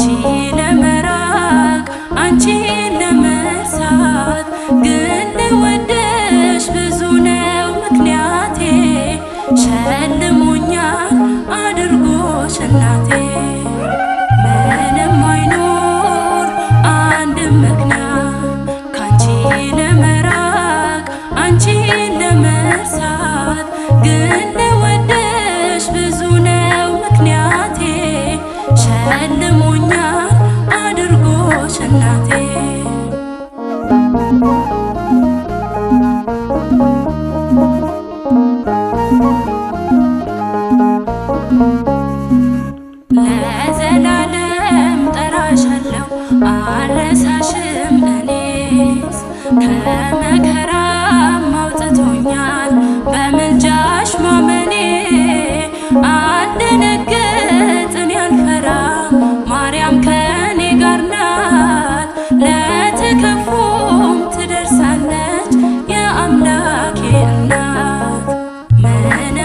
ካንቺ ለመራቅ አንቺን ለመርሳት ግን ልወድሽ ብዙ ነው ምክንያቴ ሸልሞኛል አድርጎሽ እናቴ እናቴ ለዘላለም ጠራሻለሁ አረሳሽም እኔስ ከመከራ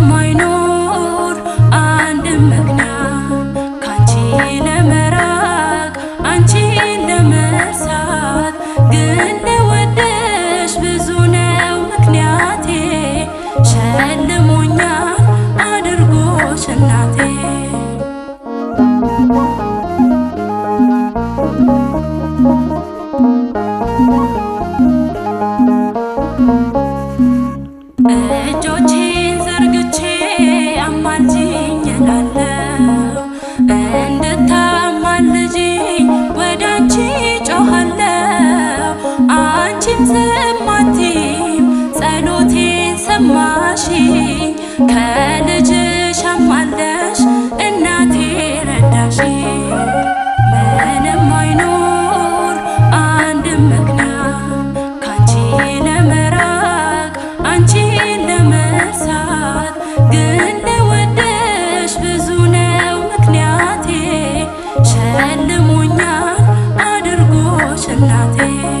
የማይኖር አንድም ምክንያት ካንቺ ለመራቅ አንቺን ለመርሳት ግን ለወደሽ ብዙ ነው ምክንያቴ ሸልሞኛ አድርጎሽ እናቴ Nothing.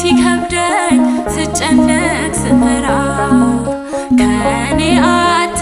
ሲከብደኝ ስጨነቅ ስፈራ ከኔ አት